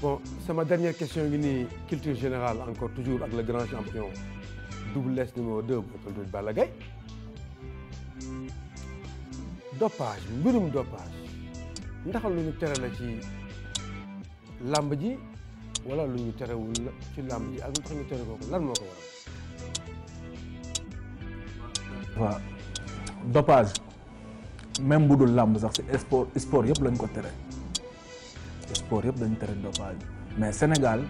bon sama dernière question ngi nii culture général encore toujours ak le grand champion Double Less numéro 2 bu tontu Balla dopage mbirum dopage ndax lu ñu tere la ci làmb ji wala lu ñu terewul la ci làmb ji ak lu tax ñu tere kooku lan moo ko waral. waaw dopage même bu dul làmb sax si sport sport yëpp lañ ko tere. sport yëpp dañu tere dopage mais Sénégal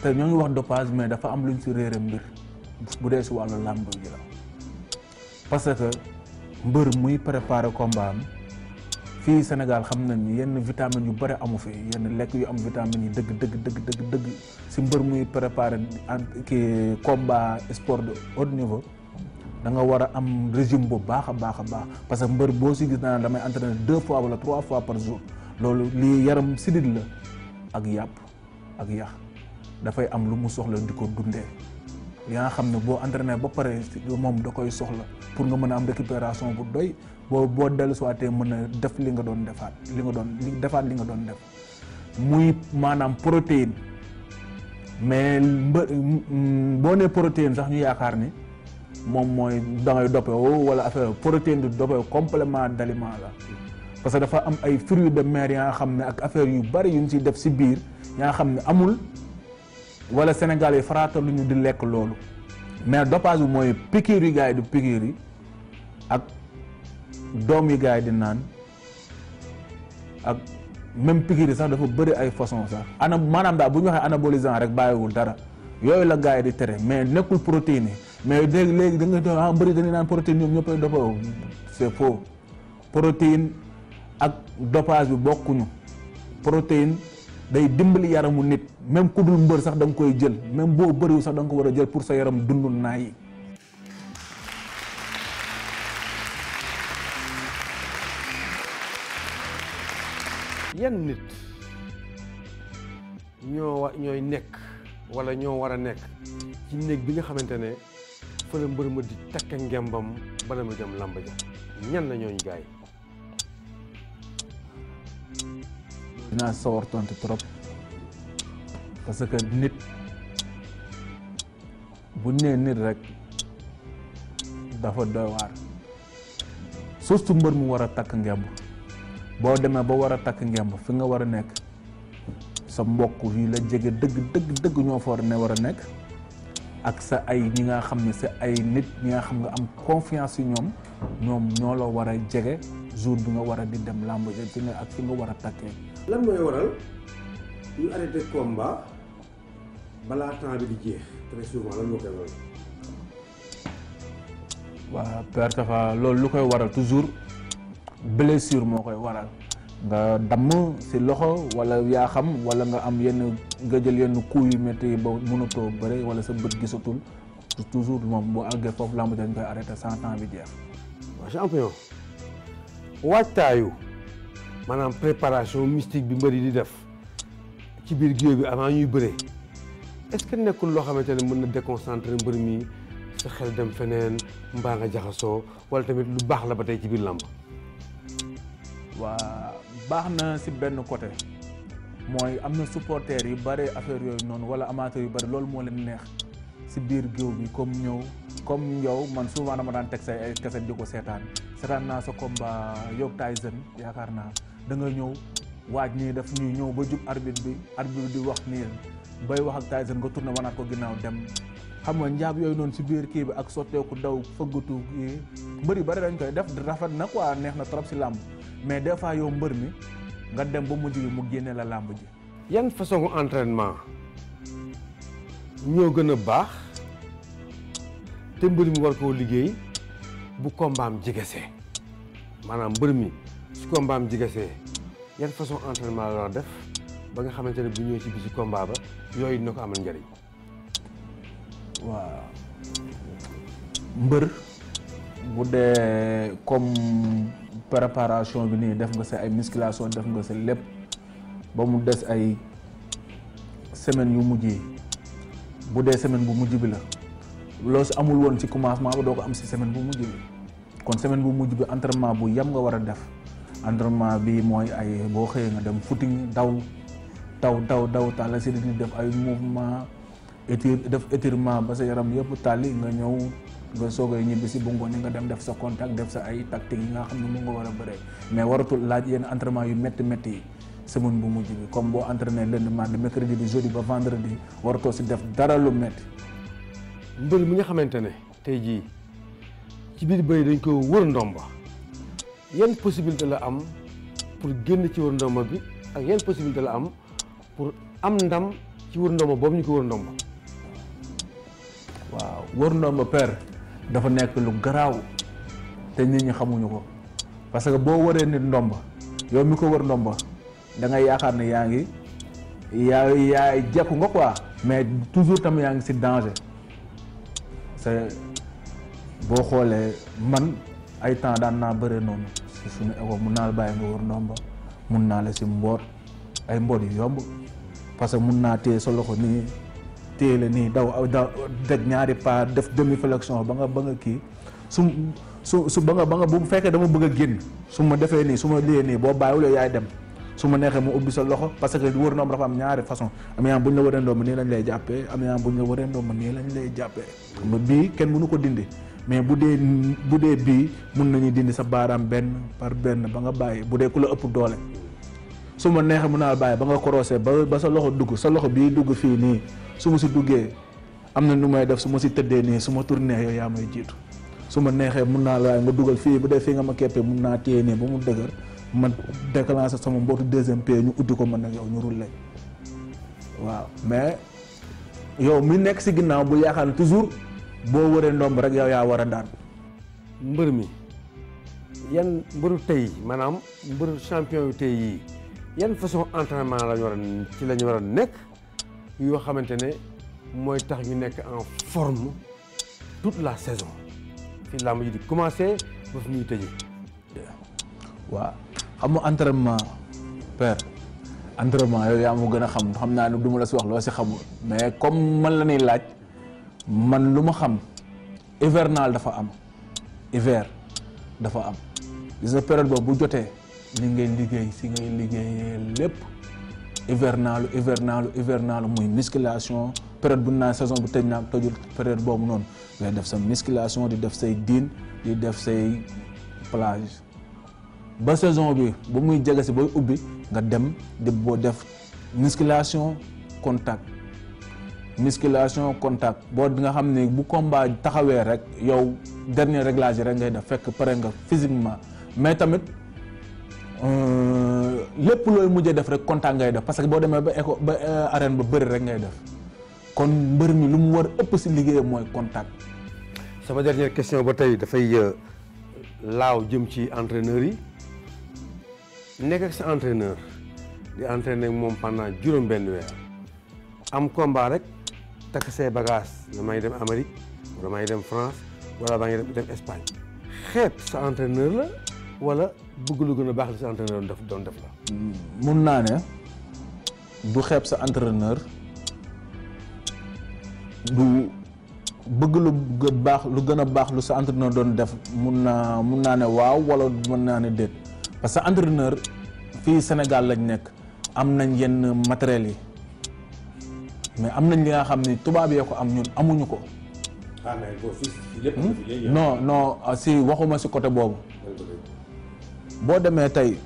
te ñoo ngi wax dopage mais dafa am lu ñu si réere mbir bu dee si wàllu làmb ji la parce que mbër muy préparer combat am fii Sénégal xam nañ ni yenn vitamines yu bari amu fi yenn lekk yu am vitamines yi dëgg dëgg dëgg dëgg dëgg si mbër muy préparer kii combat sport de haut niveau da nga war a am régime bu baax a baax a baax parce que mbër boo si gis naa damay entraîner deux fois wala trois fois par jour loolu lii yaram sidit la ak yàpp ak yax dafay am lu mu soxla di ko dundee li xam ne boo entraîné ba pare moom da koy soxla pour nga mën a am récupération bu doy boo boo dellu suwaatee mën a def li nga doon defaat li nga doon li defaat li nga doon def muy maanaam protéine mais mba mm, boo nee protéine sax ñu yaakaar ni moom mooy dangay doppewu wala affaire protéine du doppewu complément d'aliment la parce que dafa am ay fruits de mer yaa xam ne ak affaire yu bari yu ñu ci def si biir yaa xam ne amul wala Sénégal yi farata lu ñu di lekk loolu mais dopage bi mooy piqûre yi gars yi di piqûre yi ak doom yi gaa yi di naan ak même piqûre yi sax dafa bëri ay façon sax ana maanaam daal bu ñu waxee anabolisant rek bàyyiwul dara yooyu la gars yi di tere mais nekkul protéine mais léegi léegi da nga ah bëri dañuy naan protéine ñoom ñëppay dopage c'est faux protéine ak dopage bi bokkuñu protéine day dimbali yaramu nit même ku dul mbër sax da koy jël même boo bëriwul sax da nga war a jël pour sa yaram dundu naay yi yan nit ñoo wa nekk wala ñoo war a nekk ci néeg bi nga xamante ne fële mbër ma di takka ngembam bala ma dem làmb ja ñan la ñooñu gaay dinaa sawar tontu trop parce que nit bu nee nit rek dafa doy waar surtout mbër mu war a takk ngemb boo demee ba war a takk ngemb fi nga war a nekk sa mbokk yi la jege dëgg dëgg dëgg ñoo fa war a war a nekk ak sa ay ñi nga xam ne sa ay nit ñi nga xam nga am confiance yi ñoom ñoom ñoo la war a jege jour bi nga war a di dem làmb ji ak fi nga war a takkee lan mooy waral ñu arrêté combat balaa temps bi di jeex très souvent lan moo koy waral. waaw Père Tapha lu koy waral toujours blessure moo koy waral nga damm si loxo wala yaa xam wala nga am yenn nga jël yenn coup yu métti ba mënatoo bari wala sa bët gisatul toujours moom boo àggee foofu lamb dañ koy arrêté sans temps bi jeex. waaw champion waajtaayu. maanaam préparation mystique bi mbëri di def ci biir géew bi avant ñuy bëree est-ce que nekkul loo xamante ne mën na déconcentrer mbër mi sa xel dem feneen mbaa nga jaxasoo wala tamit lu baax la ba tey ci biir làmb waa baax na si benn côté mooy am na supporters yi bare affaire yooyu noonu wala amateurs yu bari loolu moo leen neex si biir géew bi comme ñëw comme yow man souvent dama daan teg say ay kaset di ko seetaan seetaan naa sa combat yoog Tyson yaakaar naa da nga ñëw waaj nii daf ñuy ñëw ba jub arbitre bi arbitre bi di wax nii bay wax ak Tyson nga tourné wanaat ko ginnaaw dem xam nga njaab yooyu noonu si biir kii bi ak sotteeku daw fëggatu kii mbër yu bari dañ koy def rafet na quoi neex na trop si làmb mais des fois yow mbër mi nga dem ba mujj bi mu génnee la làmb ji. yan façon entrainement ñoo gën a baax te mbër mi war koo liggéey bu kombaam jegesee maanaam mbër mi. su combat am jigasee yan façon entraînement la war def ba nga xamante ne bu ñëwee ci bisu combat ba yooyu dina ko amal njëriñ. waaw mbër bu dee comme préparation bi nii def nga sa ay musculation def nga sa lépp ba mu des ay semaine yu mujj yi bu dee semaine bu mujj bi la loo si amul woon ci commencement ba doo ko am si semaine bu mujj bi kon semaine bu mujj bi entraînement bu yam nga war a def entraînement bi mooy ay boo xëyee nga dem footing daw daw daw daw tàlla si di def ay mouvement étir def étirement ba sa yaram yëpp tàlli nga ñëw nga soogay ñibbi si bu ngoonee nga dem def sa contact def sa ay tactique yi nga xam ne mu nga war a bëree mais waratul laaj yenn entrement yu métti métti yi semaine bu mujj bi comme boo entraîné lundi mardi mercredi bi jeudi ba vendredi waratoo si def dara lu metti mbër mi nga xamante ne tey jii ci biir bëy dañ ko wër ndomba. yan possibilité la am pour génn ci wër ndomba bi ak yan possibilité la am pour am ndam ci wër ndomba boobu ñu ko wër ndomba. waaw wër ndomba père dafa nekk lu garaaw te nit ñi xamuñu ko parce que boo waree nit ndomba yow mi ko wër ndomba da ngay yaakaar ne yaa ngi yaa yaa jekku nga quoi mais toujours tam yaa ngi si danger c'est boo xoolee man ay temps daan naa bëre noonu. si suñu école mun naa la war ndomba mun naa la si mboot ay mboot yu yomb parce que mun naa téye sa loxo nii téye la nii daw daw deg ñaari pas def demi flexion ba nga ba kii su su su ba nga ba nga bu fekkee dama bëgg génn su ma defee nii su ma liyee nii boo bàyyiwulee yaay dem su ma neexee mu ubbi sa loxo parce que wër ndomb dafa am ñaari façon am bu ñu la waree ma nii lañ lay jàppee am yaam bu ñu la waree ndomb nii lañu lay jàppee xam bii kenn mënu ko dindi mais bu dee bu dee bii mun nañu dindi sa baaraam benn par benn ba nga bàyyi bu dee ku la ëpp doole su ma neexee mun naa bàyyi ba nga korosee ba ba sa loxo dugg sa loxo bii dugg fii nii su ma si duggee am na nu may def su ma si tëddee nii su ma tourné yow yaa may jiitu su ma neexee mun naa la nga dugal fii bu dee fii nga ma keppee mun naa téye nii ba mu dëgër ma déclenché sama mbootu deuxième paie ñu uddi ko man na yow ñu rulle waaw mais yow nekk si ginnaaw bu boo wëree ndomb rek yow yaa war a daan. mbër mi yan mbëru tey maanaam mbëru champion yu tey yii yan façon entraînement la ñu war a ci la ñu nekk yoo xamante ne mooy tax ñu nekk en forme toute la saison fii làmb ji di commencé ba fi ñuy tëjee. waaw xam nga entraînement père entraînement yow yaa ma gën a xam xam naa ne du la si wax loo si xamu mais comme man la ñuy laaj. man lu ma xam hivernal dafa am hiver dafa am gis nga période boobu bu jotee li ngay liggéey si ngay liggéeyee lépp hivernalu hivernalu hivernalu muy musculation période bu naa saison bi tëj naa tëjul période boobu noonu ngay def sa musculation di def say diin di def say plage ba saison bi bu muy jege si booy ubbi nga dem di boo def musculation contact musculation contact boo nga xam ne bu combat taxawee rek yow dernier réglage rek ngay def fekk pare nga physiquement mais tamit euh, lépp looy mujjee def rek contact ngay def parce que boo demee ba éco ba euh, arène ba bëri rek ngay def kon mbër mi lu mu war ëpp si liggéeyam mooy contact. sama dernière question ba tey dafay euh, laaw jëm ci entraîneurs yi nekk ak sa entreneur di entraîner moom pendant juróom benn weer am combat rek. takk say bagage damay dem Amérique damay dem France wala maa ngi dem Espagne xeeb sa entraîneur la wala bëgg lu gën a baax li sa entraîneur def doon def la. naa ne du xeeb sa entraîneur du bëgg lu baax lu gën a baax lu sa entraîneur doon def mun naa mun naa ne waaw wala mun naa ne déet parce que entraîneur fii Sénégal lañ nekk am nañ yenn matériels yi. mais am nañ li nga xam ne tubaab yee ko am ñun amuñu ko. Ah, hmm? non ah. non ah, si waxuma si côté boobu. boo demee tey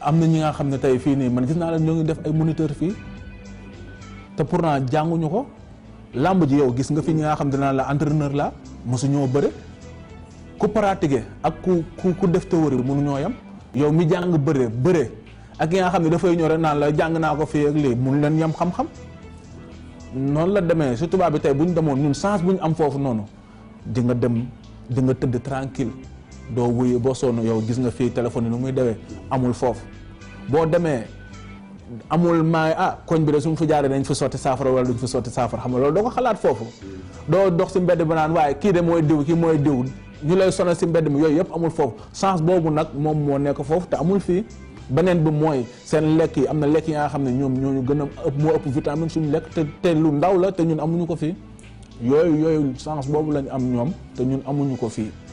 am na ñi nga xam ne tey fii nii man gis naa la ñoo ngi def ay moniteur fii te pour naa jànguñu ko làmb ji yow gis nga fi ñi nga xam ne dinaa la entraîneur la mosu ñoo bëre ku pratiquer ak ku ku ku def théorie mënu ñoo yam yow mi jàng bëre bëre ak yi nga xam ne dafay ñëw rek naan la jàng naa ko fii ak lii mënu leen yam xam-xam. noonu la demee su tubaab bi tey bu ñu demoon ñun chance bu ñu am foofu noonu di nga dem di nga tëdd tranquille doo wuyu boo sonn yow gis nga fii téléphone yi nu muy dewee amul foofu boo demee amul maay ah koñ bi de su mu fi jaaree dañ fi sotti saafara wala duñ fi sotti saafara xam nga loolu doo ko xalaat foofu doo dox si mbedd bi naan waaye kii de mooy diw kii mooy diw ñu lay sonal si mbedd mi yooyu yëpp amul foofu chance boobu nag moom moo nekk foofu te amul fii beneen bi mooy seen lekk yi am na lekk yi xam ne ñoom ñoo ñu gën a ëpp moo ëpp vitamine suñu lekk te te lu ndaw la te ñun amuñu ko fii yooyu yooyu chance boobu lañ am ñoom te ñun amuñu ko fii